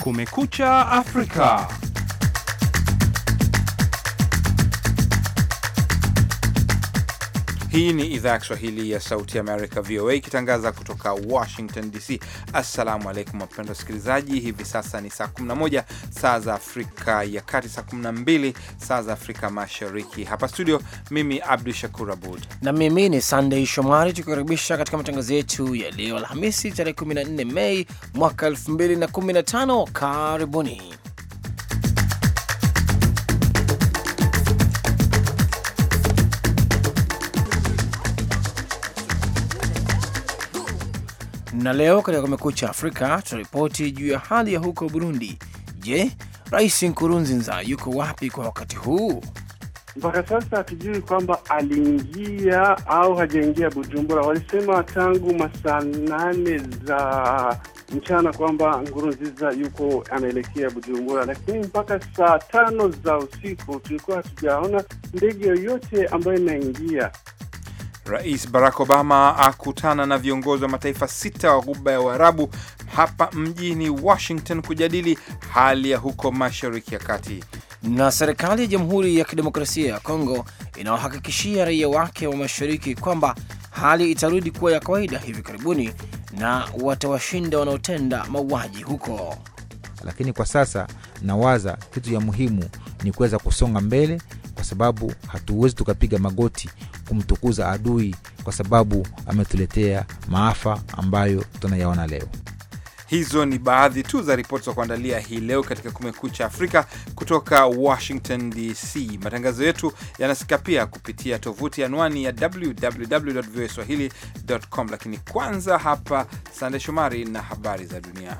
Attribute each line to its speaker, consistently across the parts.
Speaker 1: Kumekucha Afrika. Hii ni idhaa ya Kiswahili ya Sauti Amerika, VOA, ikitangaza kutoka Washington DC. Assalamu alaikum wapendwa wasikilizaji, hivi sasa ni saa 11 saa za Afrika ya Kati, saa 12 saa za Afrika Mashariki. Hapa studio, mimi Abdu Shakur Abud
Speaker 2: na mimi ni Sandey Shomari, tukikaribisha katika matangazo yetu ya leo Alhamisi tarehe 14 Mei mwaka 2015. Karibuni Na leo katika Kumekucha Afrika tunaripoti juu ya hali ya huko Burundi. Je, Rais Nkurunziza yuko wapi kwa wakati huu?
Speaker 3: Mpaka sasa hatujui kwamba aliingia au hajaingia Bujumbura. Walisema tangu masaa nane za mchana kwamba Nkurunziza yuko anaelekea Bujumbura, lakini mpaka saa tano za usiku tulikuwa hatujaona ndege yoyote ambayo inaingia.
Speaker 1: Rais Barack Obama akutana na viongozi wa mataifa sita wa Ghuba ya Uarabu hapa mjini Washington kujadili hali ya huko Mashariki ya Kati.
Speaker 2: Na serikali ya Jamhuri ya Kidemokrasia ya Kongo inawahakikishia raia wake wa mashariki kwamba hali itarudi kuwa ya kawaida hivi karibuni na watawashinda wanaotenda mauaji huko
Speaker 4: lakini kwa sasa nawaza kitu ya muhimu ni kuweza kusonga mbele, kwa sababu hatuwezi tukapiga magoti kumtukuza adui, kwa sababu ametuletea maafa ambayo tunayaona leo.
Speaker 1: Hizo ni baadhi tu za ripoti za kuandalia hii leo katika Kumekucha Afrika kutoka Washington DC. Matangazo yetu yanasikika pia kupitia tovuti anwani ya www voa swahili com, lakini kwanza hapa Sande Shomari na habari za dunia.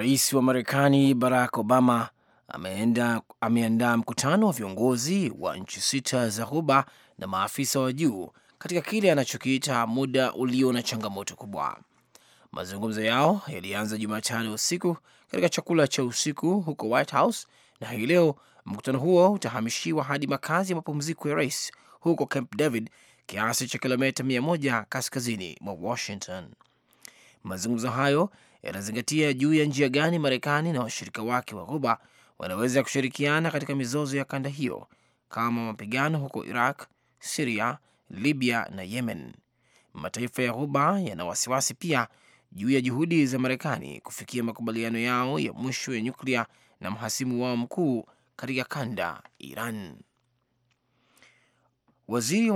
Speaker 2: Rais wa Marekani Barack Obama ameenda, ameandaa mkutano wa viongozi wa nchi sita za Ghuba na maafisa wa juu katika kile anachokiita muda ulio na changamoto kubwa. Mazungumzo yao yalianza Jumatano usiku katika chakula cha usiku huko White House, na hii leo mkutano huo utahamishiwa hadi makazi ya mapumziko ya rais huko Camp David, kiasi cha kilomita 1 kaskazini mwa Washington. Mazungumzo hayo yatazingatia juu ya njia gani Marekani na washirika wake wa Ghuba wanaweza kushirikiana katika mizozo ya kanda hiyo kama mapigano huko Iraq, Siria, Libya na Yemen. Mataifa ya Ghuba yana wasiwasi pia juu ya juhudi za Marekani kufikia makubaliano yao ya mwisho ya nyuklia na mhasimu wao mkuu katika kanda, Iran. Waziri wa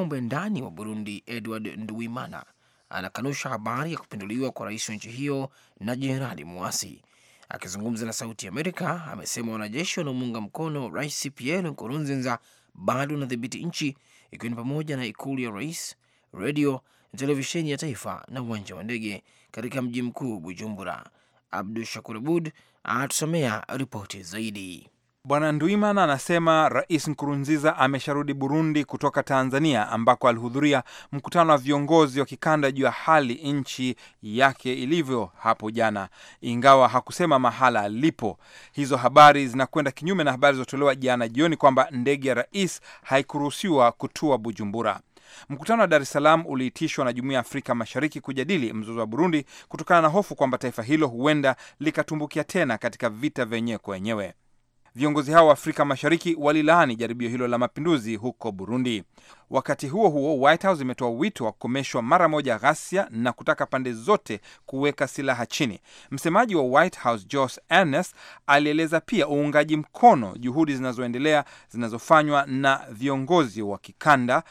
Speaker 2: mambo ya ndani wa Burundi Edward Nduwimana anakanusha habari ya kupinduliwa kwa rais wa nchi hiyo na jenerali mwasi. Akizungumza na Sauti Amerika, amesema wanajeshi wanaomuunga mkono rais Pierre Nkurunziza bado wanadhibiti nchi, ikiwa ni pamoja na ikulu ya rais, redio televisheni ya taifa na uwanja wa ndege katika mji mkuu
Speaker 1: Bujumbura. Abdu Shakur Abud anatusomea ripoti zaidi. Bwana Ndwimana anasema Rais Nkurunziza amesharudi Burundi kutoka Tanzania ambako alihudhuria mkutano wa viongozi wa kikanda juu ya hali nchi yake ilivyo hapo jana, ingawa hakusema mahala alipo. Hizo habari zinakwenda kinyume na habari zilizotolewa jana jioni kwamba ndege ya rais haikuruhusiwa kutua Bujumbura. Mkutano wa Dar es Salaam uliitishwa na Jumuiya ya Afrika Mashariki kujadili mzozo wa Burundi kutokana na hofu kwamba taifa hilo huenda likatumbukia tena katika vita vyenyewe kwa wenyewe. Viongozi hao wa Afrika Mashariki walilaani jaribio hilo la mapinduzi huko Burundi. Wakati huo huo, White House imetoa wito wa kukomeshwa mara moja ghasia na kutaka pande zote kuweka silaha chini. Msemaji wa White House Josh Earnest alieleza pia uungaji mkono juhudi zinazoendelea zinazofanywa na viongozi wa kikanda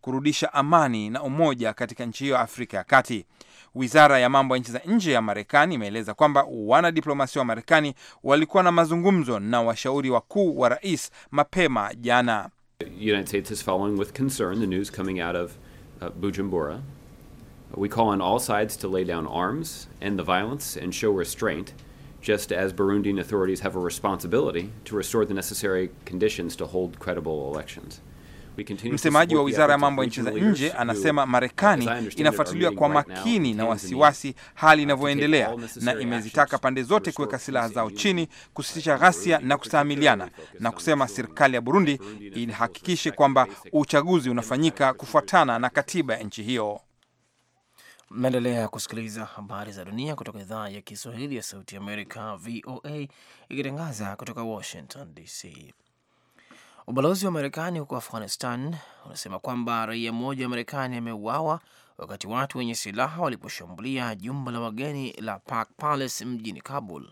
Speaker 1: kurudisha amani na umoja katika nchi hiyo ya Afrika ya Kati. Wizara ya mambo ya nchi za nje ya Marekani imeeleza kwamba wanadiplomasia wa Marekani walikuwa na mazungumzo na washauri wakuu wa rais mapema jana.
Speaker 5: united states following with concern the news coming out of uh, bujumbura We call on all sides to lay down arms, end the violence, and show restraint, just as Burundian authorities have a responsibility to restore the necessary conditions to hold credible elections. Msemaji wa wizara ya mambo ya nchi za nje anasema Marekani inafuatiliwa kwa makini na wasiwasi
Speaker 1: hali uh, inavyoendelea, na imezitaka pande zote kuweka silaha zao chini, kusitisha ghasia na kustahamiliana, na kusema serikali ya Burundi ihakikishe kwamba uchaguzi unafanyika kufuatana na katiba ya nchi hiyo.
Speaker 2: Mnaendelea kusikiliza habari za dunia kutoka idhaa ya Kiswahili ya Sauti ya Amerika, VOA, ikitangaza kutoka Washington DC. Ubalozi wa Marekani huko Afghanistan unasema kwamba raia mmoja wa Marekani ameuawa wakati watu wenye silaha waliposhambulia jumba la wageni la Park Palace mjini Kabul.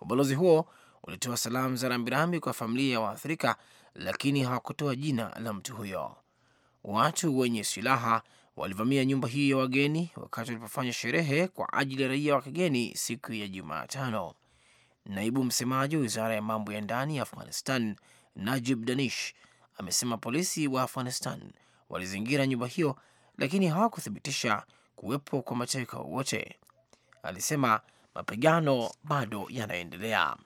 Speaker 2: Ubalozi huo ulitoa salamu za rambirambi kwa familia ya waathirika, lakini hawakutoa jina la mtu huyo. Watu wenye silaha walivamia nyumba hii ya wageni wakati walipofanya sherehe kwa ajili ya raia wa kigeni siku ya Jumatano. Naibu msemaji wa wizara ya mambo ya ndani ya Afghanistan Najib Danish amesema polisi wa Afghanistan walizingira nyumba hiyo, lakini hawakuthibitisha kuwepo kwa mateka wowote. Alisema mapigano bado yanaendelea.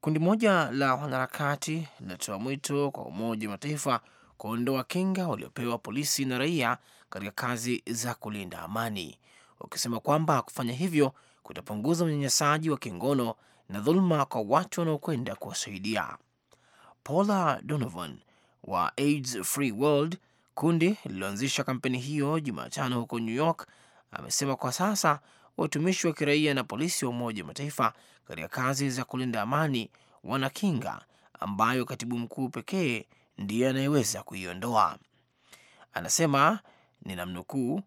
Speaker 2: Kundi moja la wanaharakati linatoa mwito kwa Umoja wa Mataifa kuondoa kinga waliopewa polisi na raia katika kazi za kulinda amani, wakisema kwamba kufanya hivyo kutapunguza unyanyasaji wa kingono na dhuluma kwa watu wanaokwenda kuwasaidia. Paula Donovan wa AIDS Free World, kundi lililoanzisha kampeni hiyo Jumatano huko New York, amesema kwa sasa watumishi wa kiraia na polisi wa Umoja Mataifa katika kazi za kulinda amani wana kinga ambayo katibu mkuu pekee ndiye anayeweza kuiondoa. Anasema ninamnukuu,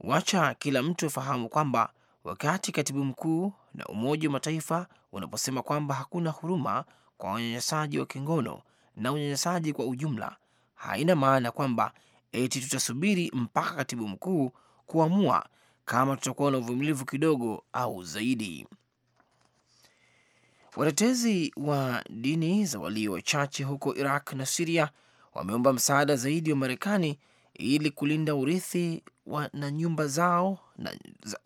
Speaker 2: wacha kila mtu afahamu kwamba wakati katibu mkuu na Umoja wa Mataifa unaposema kwamba hakuna huruma kwa unyanyasaji wa kingono na unyanyasaji kwa ujumla, haina maana kwamba eti tutasubiri mpaka katibu mkuu kuamua kama tutakuwa na uvumilivu kidogo au zaidi. Watetezi wa dini za walio wachache huko Iraq na Siria wameomba msaada zaidi wa Marekani ili kulinda urithi wa na nyumba zao na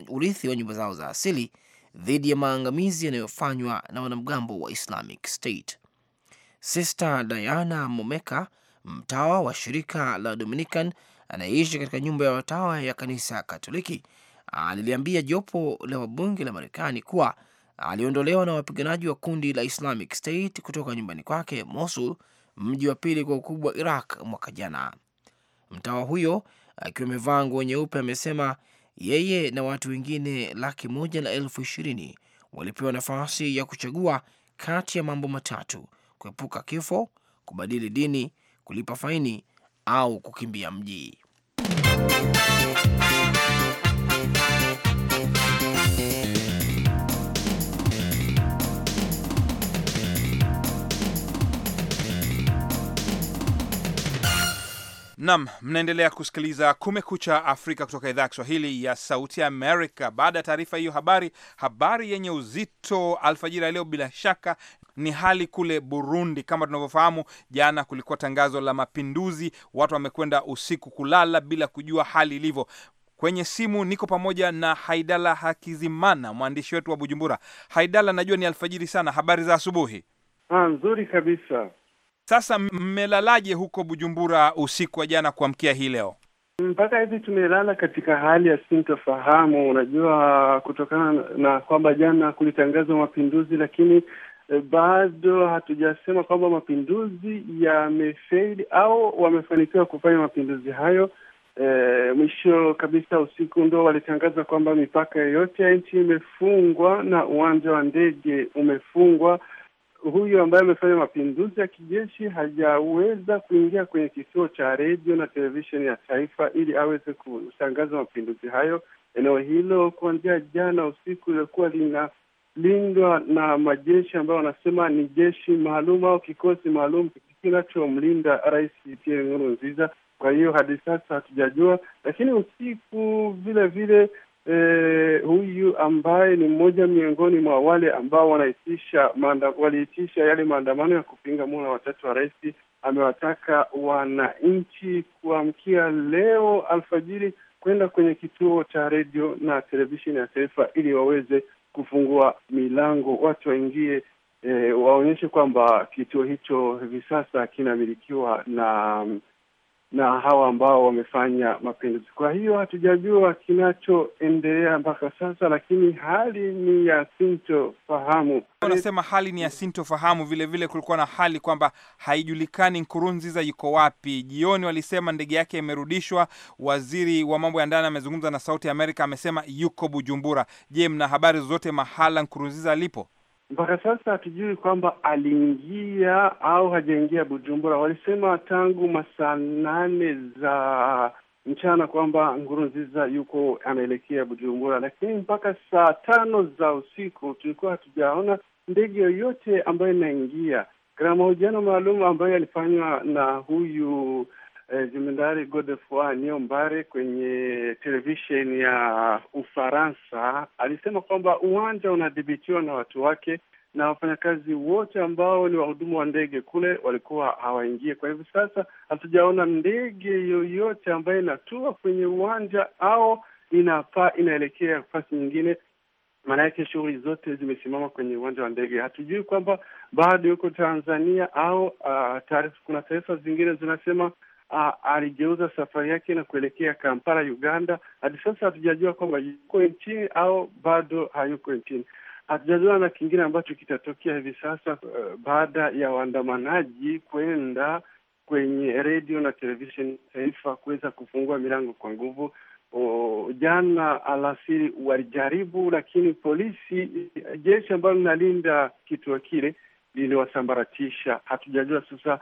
Speaker 2: urithi wa nyumba zao za asili dhidi ya maangamizi yanayofanywa na wanamgambo wa Islamic State. Sister Diana Momeka, mtawa wa shirika la Dominican anayeishi katika nyumba ya watawa ya kanisa Katoliki, aliliambia jopo la wabunge la Marekani kuwa aliondolewa na wapiganaji wa kundi la Islamic State kutoka nyumbani kwake Mosul, mji wa pili kwa ukubwa wa Iraq, mwaka jana. Mtawa huyo akiwa amevaa nguo nyeupe amesema yeye na watu wengine laki moja na elfu ishirini walipewa nafasi ya kuchagua kati ya mambo matatu: kuepuka kifo, kubadili dini, kulipa faini au kukimbia mji.
Speaker 1: Nam, mnaendelea kusikiliza Kumekucha Afrika kutoka idhaa ya Kiswahili ya Sauti ya Amerika. Baada ya taarifa hiyo, habari habari yenye uzito alfajiri ya leo, bila shaka ni hali kule Burundi. Kama tunavyofahamu, jana kulikuwa tangazo la mapinduzi, watu wamekwenda usiku kulala bila kujua hali ilivyo. Kwenye simu niko pamoja na Haidala Hakizimana, mwandishi wetu wa Bujumbura. Haidala, najua ni alfajiri sana, habari za asubuhi? Ha, ah, nzuri kabisa. Sasa mmelalaje huko Bujumbura usiku wa jana kuamkia hii leo?
Speaker 3: Mpaka hivi tumelala katika hali ya sintofahamu. Unajua, kutokana na kwamba jana kulitangazwa mapinduzi, lakini e, bado hatujasema kwamba mapinduzi yamefeli au wamefanikiwa kufanya mapinduzi hayo. E, mwisho kabisa usiku ndo walitangaza kwamba mipaka yote ya nchi imefungwa na uwanja wa ndege umefungwa huyu ambaye amefanya mapinduzi ya kijeshi hajaweza kuingia kwenye kituo cha redio na televisheni ya taifa ili aweze kutangaza mapinduzi hayo. Eneo hilo kuanzia jana usiku lilikuwa linalindwa na majeshi ambayo wanasema ni jeshi maalum au kikosi maalum kinachomlinda Rais Pierre Nkurunziza. Kwa hiyo hadi sasa hatujajua, lakini usiku vile vile eh, huyu ambaye ni mmoja miongoni mwa wale ambao wanaitisha manda, waliitisha yale maandamano ya kupinga mula watatu wa rais amewataka wananchi kuamkia leo alfajiri kwenda kwenye kituo cha redio na televisheni ya taifa ili waweze kufungua milango, watu waingie, e, waonyeshe kwamba kituo hicho hivi sasa kinamilikiwa na na hawa ambao wamefanya mapenzi. Kwa hiyo hatujajua kinachoendelea mpaka sasa, lakini hali ni ya sintofahamu.
Speaker 1: Unasema hali ni ya sintofahamu. Vilevile kulikuwa na hali kwamba haijulikani Nkurunziza yuko wapi. Jioni walisema ndege yake imerudishwa. Waziri wa mambo ya ndani amezungumza na Sauti ya Amerika, amesema yuko Bujumbura. Je, mna habari zozote mahala Nkurunziza alipo?
Speaker 3: Mpaka sasa hatujui kwamba aliingia au hajaingia Bujumbura. Walisema tangu masaa nane za mchana kwamba ngurunziza yuko anaelekea Bujumbura, lakini mpaka saa tano za usiku tulikuwa hatujaona ndege yoyote ambayo inaingia. Kuna mahojiano maalum ambayo yalifanywa na huyu eh, godefo Godefroid mbare kwenye televisheni ya Ufaransa alisema kwamba uwanja unadhibitiwa na watu wake na wafanyakazi wote ambao ni wahudumu wa ndege kule walikuwa hawaingie. Kwa hivyo sasa hatujaona ndege yoyote ambayo inatua kwenye uwanja au inapaa inaelekea nafasi nyingine. Maana yake shughuli zote zimesimama kwenye uwanja wa ndege. Hatujui kwamba bado yuko Tanzania au uh, taarifa, kuna taarifa zingine zinasema aligeuza safari yake na kuelekea Kampala, Uganda. Hadi sasa hatujajua kwamba yuko nchini au bado hayuko nchini. Hatujajua na kingine ambacho kitatokea hivi sasa uh, baada ya waandamanaji kwenda kwenye redio na televisheni taifa kuweza kufungua milango kwa nguvu. O, jana alasiri walijaribu, lakini polisi, jeshi ambalo linalinda kituo kile liliwasambaratisha. Hatujajua sasa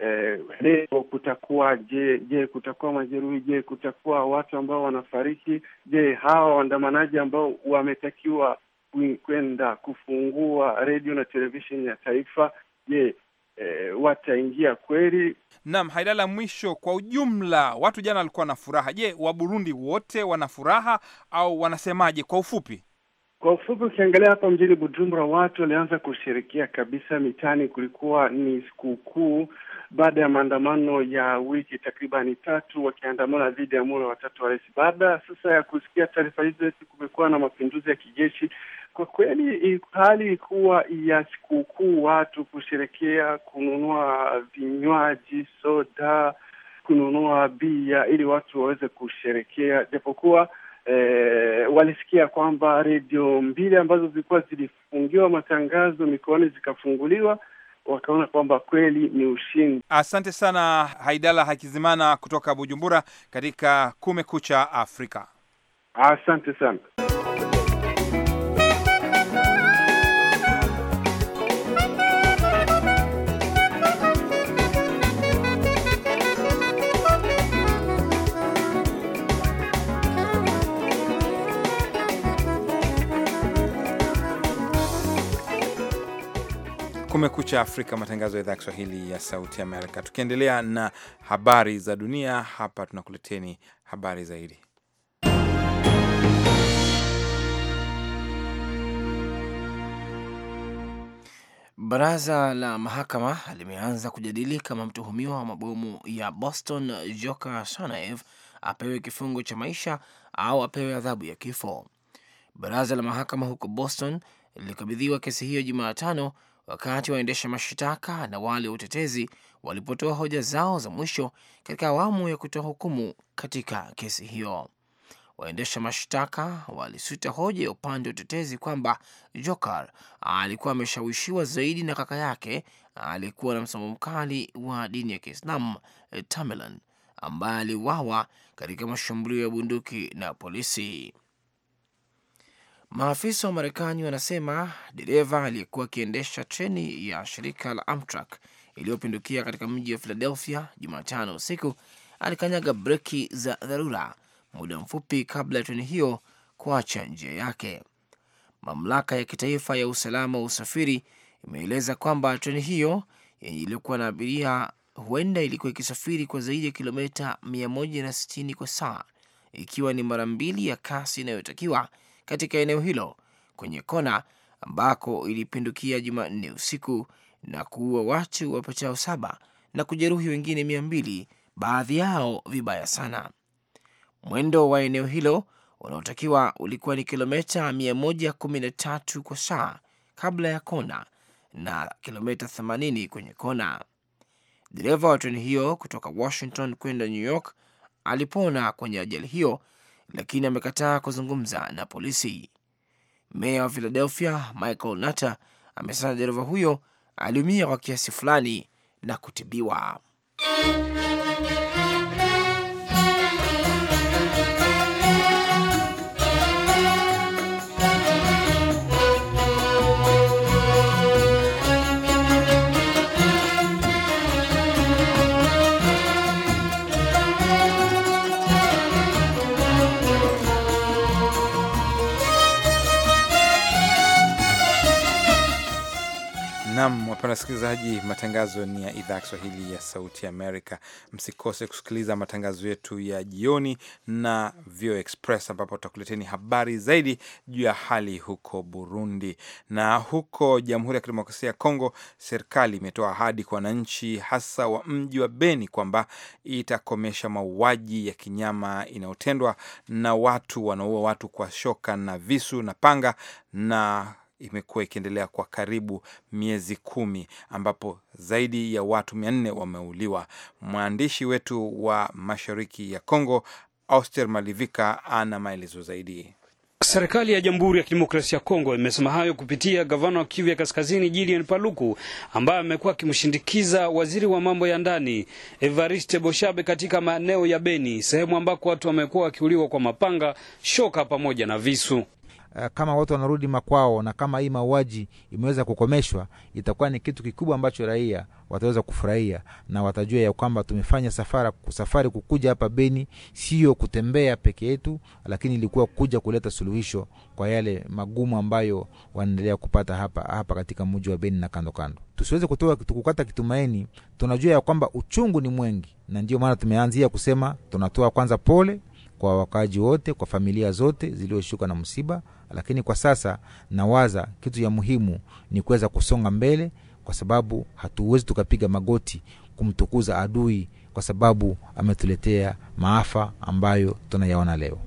Speaker 3: eh, leo kutakuwa je? Je, kutakuwa majeruhi? Je, kutakuwa watu ambao wanafariki? Je, hawa waandamanaji ambao wametakiwa kwenda kufungua redio na televisheni ya taifa, je, E, wataingia kweli?
Speaker 1: Naam, haidala mwisho. Kwa ujumla, watu jana walikuwa na furaha. Je, Waburundi wote wana furaha au wanasemaje? Kwa ufupi,
Speaker 3: kwa ufupi, ukiangalia hapa mjini Bujumbura, watu walianza kushirikia kabisa mitaani. Kulikuwa ni sikukuu baada ya maandamano ya wiki takribani tatu, wakiandamana dhidi ya mura watatu wa rais. Baada sasa ya kusikia taarifa hizo eti kumekuwa na mapinduzi ya kijeshi, kwa kweli hali ilikuwa ya sikukuu, watu kusherekea, kununua vinywaji, soda, kununua bia ili watu waweze kusherekea, japokuwa eh, walisikia kwamba redio mbili ambazo zilikuwa zilifungiwa matangazo mikoani zikafunguliwa, wakaona kwamba kweli ni ushindi.
Speaker 1: Asante sana Haidala Hakizimana kutoka Bujumbura katika Kumekucha Afrika.
Speaker 3: Asante sana.
Speaker 1: Kumekucha Afrika, matangazo ya idhaa ya Kiswahili ya Sauti Amerika. Tukiendelea na habari za dunia hapa, tunakuleteni habari zaidi. Baraza la
Speaker 2: mahakama limeanza kujadili kama mtuhumiwa wa mabomu ya Boston Joka Sanaev apewe kifungo cha maisha au apewe adhabu ya kifo. Baraza la mahakama huko Boston lilikabidhiwa kesi hiyo Jumatano wakati waendesha mashtaka na wale wa utetezi walipotoa hoja zao za mwisho katika awamu ya kutoa hukumu katika kesi hiyo. Waendesha mashtaka walisuta hoja ya upande wa utetezi kwamba Jokar alikuwa ameshawishiwa zaidi na kaka yake alikuwa na msimamo mkali wa dini ya kiislam eh, Tamerlan, ambaye aliuawa katika mashambulio ya bunduki na polisi. Maafisa wa Marekani wanasema dereva aliyekuwa akiendesha treni ya shirika la Amtrak iliyopindukia katika mji wa Philadelphia Jumatano usiku alikanyaga breki za dharura muda mfupi kabla ya treni hiyo kuacha njia yake. Mamlaka ya kitaifa ya usalama wa usafiri imeeleza kwamba treni hiyo yenye iliyokuwa na abiria huenda ilikuwa ikisafiri kwa zaidi ya kilomita 160 kwa saa, ikiwa ni mara mbili ya kasi inayotakiwa katika eneo hilo kwenye kona ambako ilipindukia Jumanne usiku na kuua watu wapatao saba na kujeruhi wengine mia mbili, baadhi yao vibaya sana. Mwendo wa eneo hilo unaotakiwa ulikuwa ni kilomita 113 kwa saa kabla ya kona na kilomita 80 kwenye kona. Dereva wa treni hiyo kutoka Washington kwenda New York alipona kwenye ajali hiyo lakini amekataa kuzungumza na polisi. Meya wa Philadelphia Michael Nutter amesema dereva huyo aliumia kwa kiasi fulani na kutibiwa.
Speaker 1: Nam, wapenda wasikilizaji, matangazo ni ya idhaa ya Kiswahili ya Sauti Amerika. Msikose kusikiliza matangazo yetu ya jioni na Vio Express, ambapo tutakuleteni habari zaidi juu ya hali huko Burundi na huko Jamhuri ya Kidemokrasia ya Kongo. Serikali imetoa ahadi kwa wananchi, hasa wa mji wa Beni, kwamba itakomesha mauaji ya kinyama inayotendwa na watu wanaua watu kwa shoka na visu na panga na imekuwa ikiendelea kwa karibu miezi kumi ambapo zaidi ya watu mia nne wameuliwa. Mwandishi wetu wa mashariki ya Kongo, Auster Malivika, ana maelezo zaidi. Serikali ya Jamhuri ya
Speaker 5: Kidemokrasia ya Kongo imesema hayo kupitia gavana wa Kivu ya Kaskazini Julien Paluku ambaye amekuwa akimshindikiza waziri wa mambo ya ndani Evariste Boshabe katika maeneo ya Beni, sehemu ambako watu wamekuwa wakiuliwa kwa mapanga, shoka pamoja na visu. Eh, kama
Speaker 4: watu wanarudi makwao na kama hii mauaji imeweza kukomeshwa, itakuwa ni kitu kikubwa ambacho raia wataweza kufurahia na watajua ya kwamba tumefanya safari, safari kukuja hapa Beni, sio kutembea peke yetu, lakini ilikuwa kuja kuleta suluhisho kwa yale magumu ambayo wanaendelea kupata hapa hapa katika mji wa Beni na kando kando. Tusiweze kutoa kukata kitumaini, tunajua ya kwamba uchungu ni mwengi, na ndio maana tumeanzia kusema tunatoa kwanza pole kwa wakaaji wote, kwa familia zote zilizoshuka na msiba lakini kwa sasa nawaza kitu ya muhimu ni kuweza kusonga mbele, kwa sababu hatuwezi tukapiga magoti kumtukuza adui, kwa sababu ametuletea maafa ambayo tunayaona leo.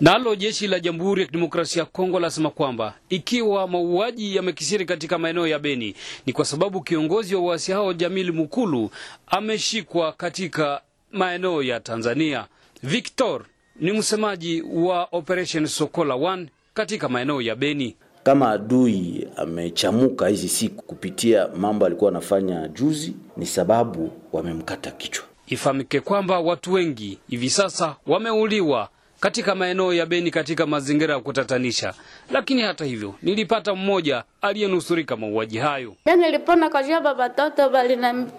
Speaker 5: Nalo jeshi la Jamhuri ya Kidemokrasia ya Kongo lasema kwamba ikiwa mauaji yamekisiri katika maeneo ya Beni ni kwa sababu kiongozi wa waasi hao Jamili Mukulu ameshikwa katika maeneo ya Tanzania. Victor ni msemaji wa Operation Sokola 1 katika maeneo ya Beni.
Speaker 6: Kama adui amechamuka hizi siku kupitia mambo alikuwa anafanya juzi, ni sababu wamemkata
Speaker 5: kichwa. Ifahamike kwamba watu wengi hivi sasa wameuliwa katika maeneo ya Beni katika mazingira ya kutatanisha, lakini hata hivyo nilipata mmoja aliyenusurika mauaji hayo.
Speaker 7: Yani nilipona kwa baba toto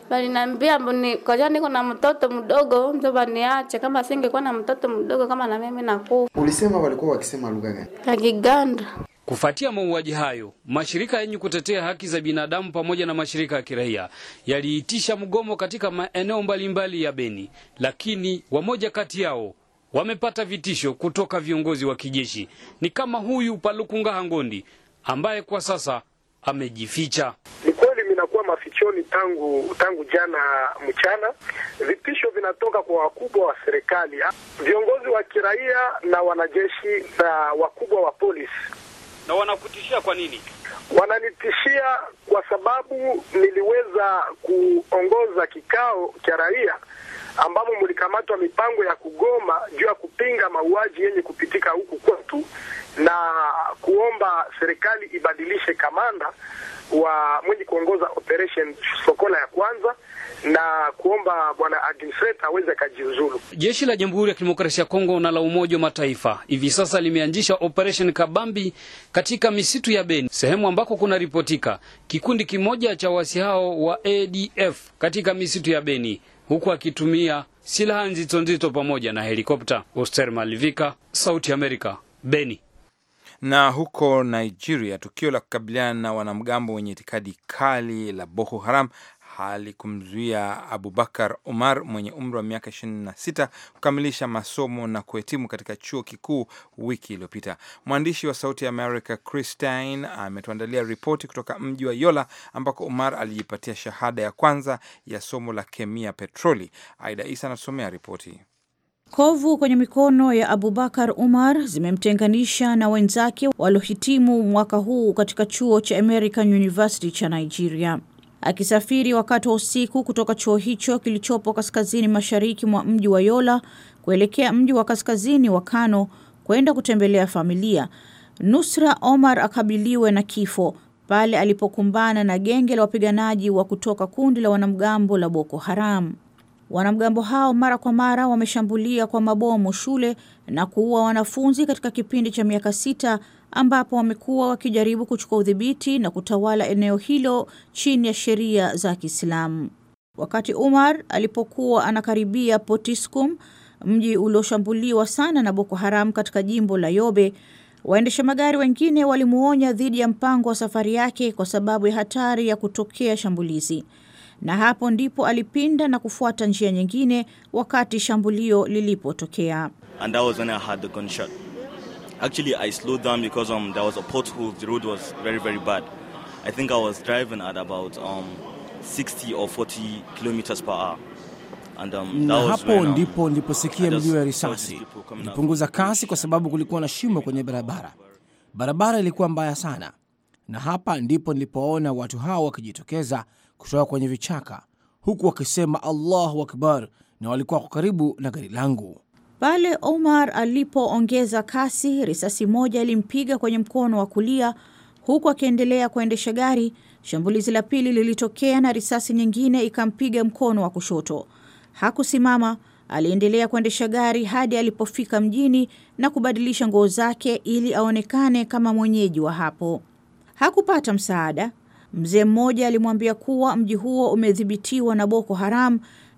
Speaker 7: balinaambia mbuni kajia niko na mtoto mdogo mtoba baniache, kama singekuwa na mtoto mdogo kama na mimi nakufa.
Speaker 5: Ulisema walikuwa wakisema lugha gani?
Speaker 7: Ya Kiganda.
Speaker 5: Kufuatia mauaji hayo, mashirika yenye kutetea haki za binadamu pamoja na mashirika ya kiraia yaliitisha mgomo katika maeneo mbalimbali ya Beni, lakini wamoja kati yao wamepata vitisho kutoka viongozi wa kijeshi. Ni kama huyu Palukungaha Ngondi ambaye kwa sasa amejificha. Ni kweli minakuwa mafichoni tangu tangu jana mchana. Vitisho vinatoka kwa wakubwa wa serikali, viongozi wa kiraia na wanajeshi na wakubwa wa polisi. Na wanakutishia kwa nini? Wananitishia
Speaker 2: kwa sababu niliweza kuongoza kikao cha raia ambamo mlikamatwa mipango ya kugoma juu ya kupinga mauaji yenye kupitika huku kwetu na kuomba serikali ibadilishe kamanda wa mwenye kuongoza operation Sokola ya kwanza na kuomba bwana Agifreta aweze akajiuzulu.
Speaker 5: Jeshi la Jamhuri ya Kidemokrasia ya Kongo na la Umoja wa Mataifa hivi sasa limeanzisha Operation Kabambi katika misitu ya Beni, sehemu ambako kunaripotika kikundi kimoja cha wasi hao wa ADF katika misitu ya Beni, huku akitumia silaha nzito nzito pamoja na
Speaker 1: helikopta. Oster Malivika, Sauti Amerika, Beni. Na huko Nigeria, tukio la kukabiliana na wanamgambo wenye itikadi kali la Boko Haram halikumzuia Abubakar Omar mwenye umri wa miaka 26 kukamilisha masomo na kuhitimu katika chuo kikuu wiki iliyopita. Mwandishi wa Sauti ya America Christine ametuandalia ripoti kutoka mji wa Yola ambako Omar alijipatia shahada ya kwanza ya somo la kemia petroli. Aida Isa anatusomea ripoti.
Speaker 7: Kovu kwenye mikono ya Abubakar Umar zimemtenganisha na wenzake waliohitimu mwaka huu katika chuo cha American University cha Nigeria akisafiri wakati wa usiku kutoka chuo hicho kilichopo kaskazini mashariki mwa mji wa Yola kuelekea mji wa kaskazini wa Kano kwenda kutembelea familia. Nusra Omar akabiliwe na kifo pale alipokumbana na genge la wapiganaji wa kutoka kundi la wanamgambo la Boko Haram. Wanamgambo hao mara kwa mara wameshambulia kwa mabomu shule na kuua wanafunzi katika kipindi cha miaka sita ambapo wamekuwa wakijaribu kuchukua udhibiti na kutawala eneo hilo chini ya sheria za Kiislamu. Wakati Umar alipokuwa anakaribia Potiskum, mji ulioshambuliwa sana na Boko Haram katika jimbo la Yobe, waendesha magari wengine walimuonya dhidi ya mpango wa safari yake kwa sababu ya hatari ya kutokea shambulizi, na hapo ndipo alipinda na kufuata njia nyingine wakati shambulio lilipotokea.
Speaker 6: Actually, I slowed down because um, there was a pothole. The road was very, very bad. I think I was driving at about um, 60 or 40 kilometers per hour. And, um, na hapo when, um, ndipo niliposikia mlio ya risasi. Nilipunguza
Speaker 2: kasi kwa sababu kulikuwa na shimo kwenye barabara. Barabara ilikuwa mbaya sana, na hapa ndipo nilipoona watu hao wakijitokeza kutoka kwenye vichaka, huku wakisema Allahu akbar, na walikuwa kwa karibu na gari langu.
Speaker 7: Pale Omar alipoongeza kasi, risasi moja ilimpiga kwenye mkono wa kulia huku akiendelea kuendesha gari. Shambulizi la pili lilitokea na risasi nyingine ikampiga mkono wa kushoto. Hakusimama, aliendelea kuendesha gari hadi alipofika mjini na kubadilisha nguo zake ili aonekane kama mwenyeji wa hapo. Hakupata msaada. Mzee mmoja alimwambia kuwa mji huo umedhibitiwa na Boko Haram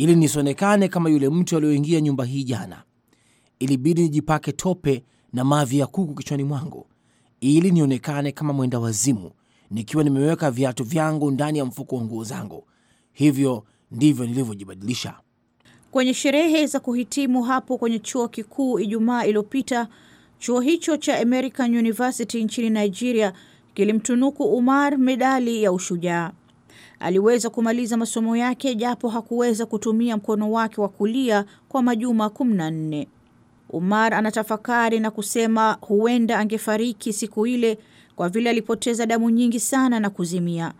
Speaker 2: ili nisonekane kama yule mtu aliyoingia nyumba hii jana. Ilibidi nijipake tope na mavi ya kuku kichwani mwangu ili nionekane kama mwenda wazimu, nikiwa nimeweka viatu vyangu ndani ya mfuko wa nguo zangu. Hivyo ndivyo nilivyojibadilisha
Speaker 7: kwenye sherehe za kuhitimu hapo kwenye chuo kikuu Ijumaa iliyopita. Chuo hicho cha American University nchini Nigeria kilimtunuku Umar medali ya ushujaa aliweza kumaliza masomo yake japo hakuweza kutumia mkono wake wa kulia kwa majuma 14. Umar anatafakari na kusema huenda angefariki siku ile kwa vile alipoteza damu nyingi sana na kuzimia.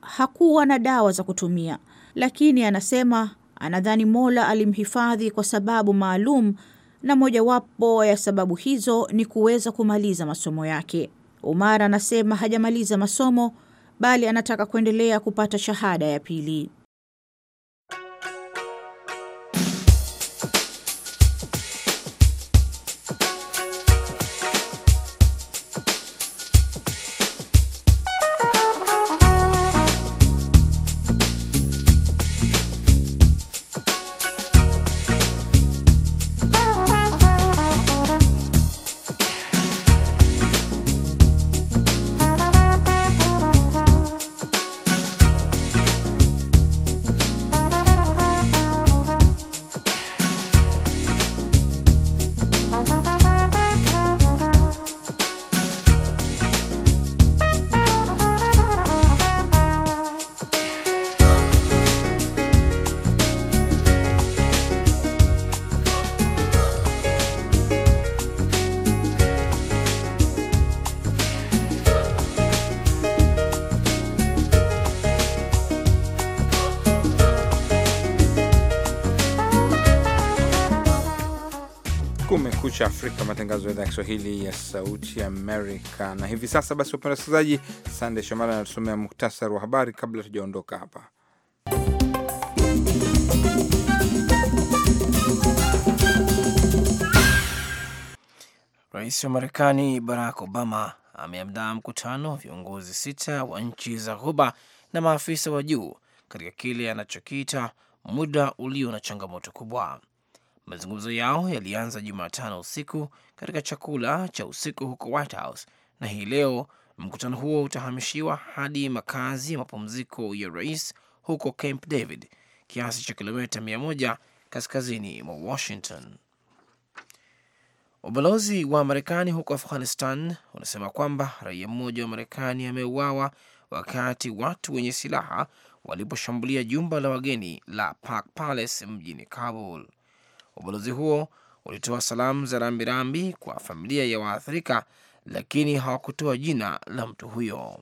Speaker 7: Hakuwa na dawa za kutumia, lakini anasema anadhani Mola alimhifadhi kwa sababu maalum, na mojawapo ya sababu hizo ni kuweza kumaliza masomo yake. Umar anasema hajamaliza masomo bali anataka kuendelea kupata shahada ya pili.
Speaker 1: Kumekucha Afrika, matangazo ya idhaa ya Kiswahili ya Sauti Amerika. Na hivi sasa basi, wapenda wasikilizaji, Sande Shomari anatusomea muhtasari wa habari kabla tujaondoka hapa.
Speaker 2: Rais wa Marekani Barack Obama ameandaa mkutano wa viongozi sita wa nchi za Ghuba na maafisa wa juu katika kile anachokiita muda ulio na changamoto kubwa. Mazungumzo yao yalianza Jumatano usiku katika chakula cha usiku huko White House, na hii leo mkutano huo utahamishiwa hadi makazi ya mapumziko ya rais huko Camp David, kiasi cha kilomita 100 kaskazini mwa Washington. Ubalozi wa Marekani huko Afghanistan unasema kwamba raia mmoja wa Marekani ameuawa wakati watu wenye silaha waliposhambulia jumba la wageni la Park Palace mjini Kabul. Ubalozi huo ulitoa salamu za rambirambi kwa familia ya waathirika, lakini hawakutoa jina la mtu huyo.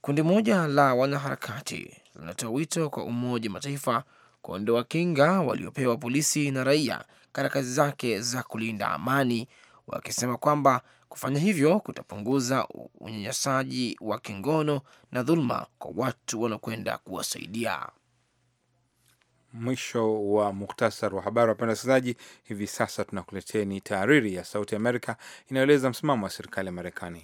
Speaker 2: Kundi moja la wanaharakati linatoa wito kwa Umoja Mataifa kuondoa kinga waliopewa polisi na raia katika kazi zake za kulinda amani, wakisema kwamba kufanya hivyo kutapunguza unyanyasaji wa kingono na dhuluma kwa watu wanaokwenda kuwasaidia.
Speaker 1: Mwisho wa muktasar wa habari. Wapenda wasikilizaji, hivi sasa tunakuleteni taariri ya Sauti Amerika inayoeleza msimamo wa serikali ya Marekani.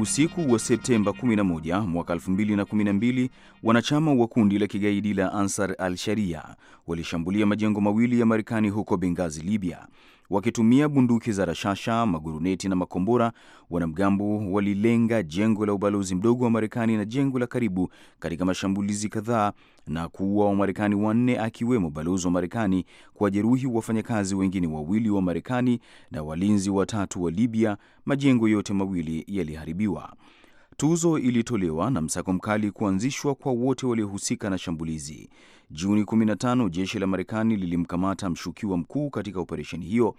Speaker 6: Usiku wa Septemba 11 mwaka 2012, wanachama wa kundi la kigaidi la Ansar al Sharia walishambulia majengo mawili ya Marekani huko Bengazi, Libya, Wakitumia bunduki za rashasha, maguruneti na makombora, wanamgambo walilenga jengo la ubalozi mdogo wa Marekani na jengo la karibu katika mashambulizi kadhaa na kuua Wamarekani wanne akiwemo balozi wa Marekani, kwa jeruhi wafanyakazi wengine wawili wa Marekani na walinzi watatu wa Libya. Majengo yote mawili yaliharibiwa. Tuzo ilitolewa na msako mkali kuanzishwa kwa wote waliohusika na shambulizi. Juni 15 jeshi la Marekani lilimkamata mshukiwa mkuu katika operesheni hiyo,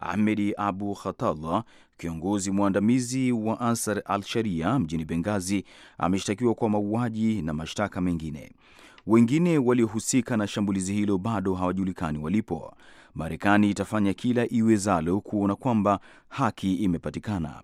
Speaker 6: ahmed Abu Khatallah, kiongozi mwandamizi wa Ansar al Sharia mjini Bengazi. Ameshtakiwa kwa mauaji na mashtaka mengine. Wengine waliohusika na shambulizi hilo bado hawajulikani walipo. Marekani itafanya kila iwezalo kuona kwamba haki imepatikana.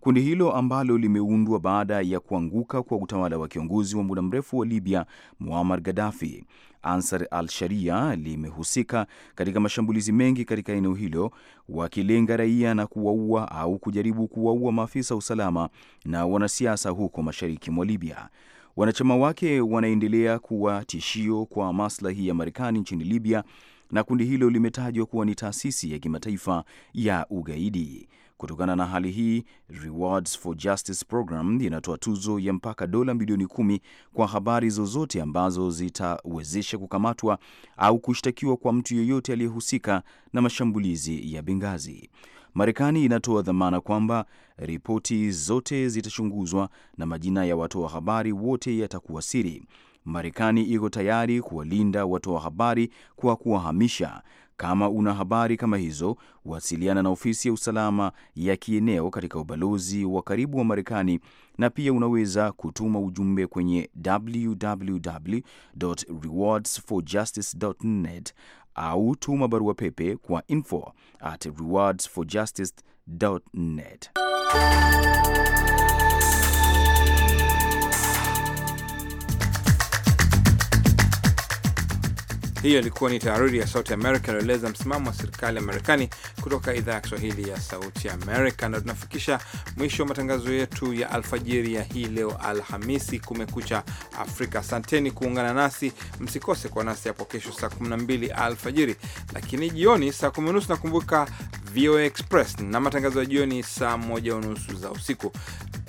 Speaker 6: Kundi hilo ambalo limeundwa baada ya kuanguka kwa utawala wa kiongozi wa muda mrefu wa Libya Muammar Gaddafi Ansar al-Sharia limehusika katika mashambulizi mengi katika eneo hilo, wakilenga raia na kuwaua au kujaribu kuwaua maafisa usalama na wanasiasa huko mashariki mwa Libya. Wanachama wake wanaendelea kuwa tishio kwa maslahi ya Marekani nchini Libya na kundi hilo limetajwa kuwa ni taasisi ya kimataifa ya ugaidi. Kutokana na hali hii, Rewards for Justice Program inatoa tuzo ya mpaka dola milioni kumi kwa habari zozote ambazo zitawezesha kukamatwa au kushtakiwa kwa mtu yeyote aliyehusika na mashambulizi ya bingazi Marekani inatoa dhamana kwamba ripoti zote zitachunguzwa na majina ya watoa habari wote yatakuwa siri. Marekani iko tayari kuwalinda watoa habari kwa kuwahamisha kama una habari kama hizo, wasiliana na ofisi ya usalama ya kieneo katika ubalozi wa karibu wa Marekani, na pia unaweza kutuma ujumbe kwenye www.rewardsforjustice.net au tuma barua pepe kwa info at rewardsforjustice.net.
Speaker 1: Hiyo ilikuwa ni tahariri ya Sauti Amerika iliyoeleza msimamo wa serikali ya Marekani kutoka idhaa ya Kiswahili ya Sauti Amerika. Na tunafikisha mwisho wa matangazo yetu ya alfajiri ya hii leo Alhamisi, Kumekucha Afrika. Asanteni kuungana nasi, msikose kwa nasi hapo kesho saa 12 alfajiri, lakini jioni saa kumi unusu nakumbuka VOA Express na matangazo ya jioni saa moja unusu za usiku.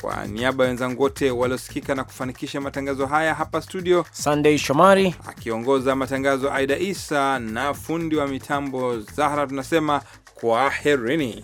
Speaker 1: Kwa niaba ya wenzangu wote waliosikika na kufanikisha matangazo haya hapa studio, Sandey Shomari akiongoza matangazo Aida Isa na fundi wa mitambo Zahra, tunasema kwaherini.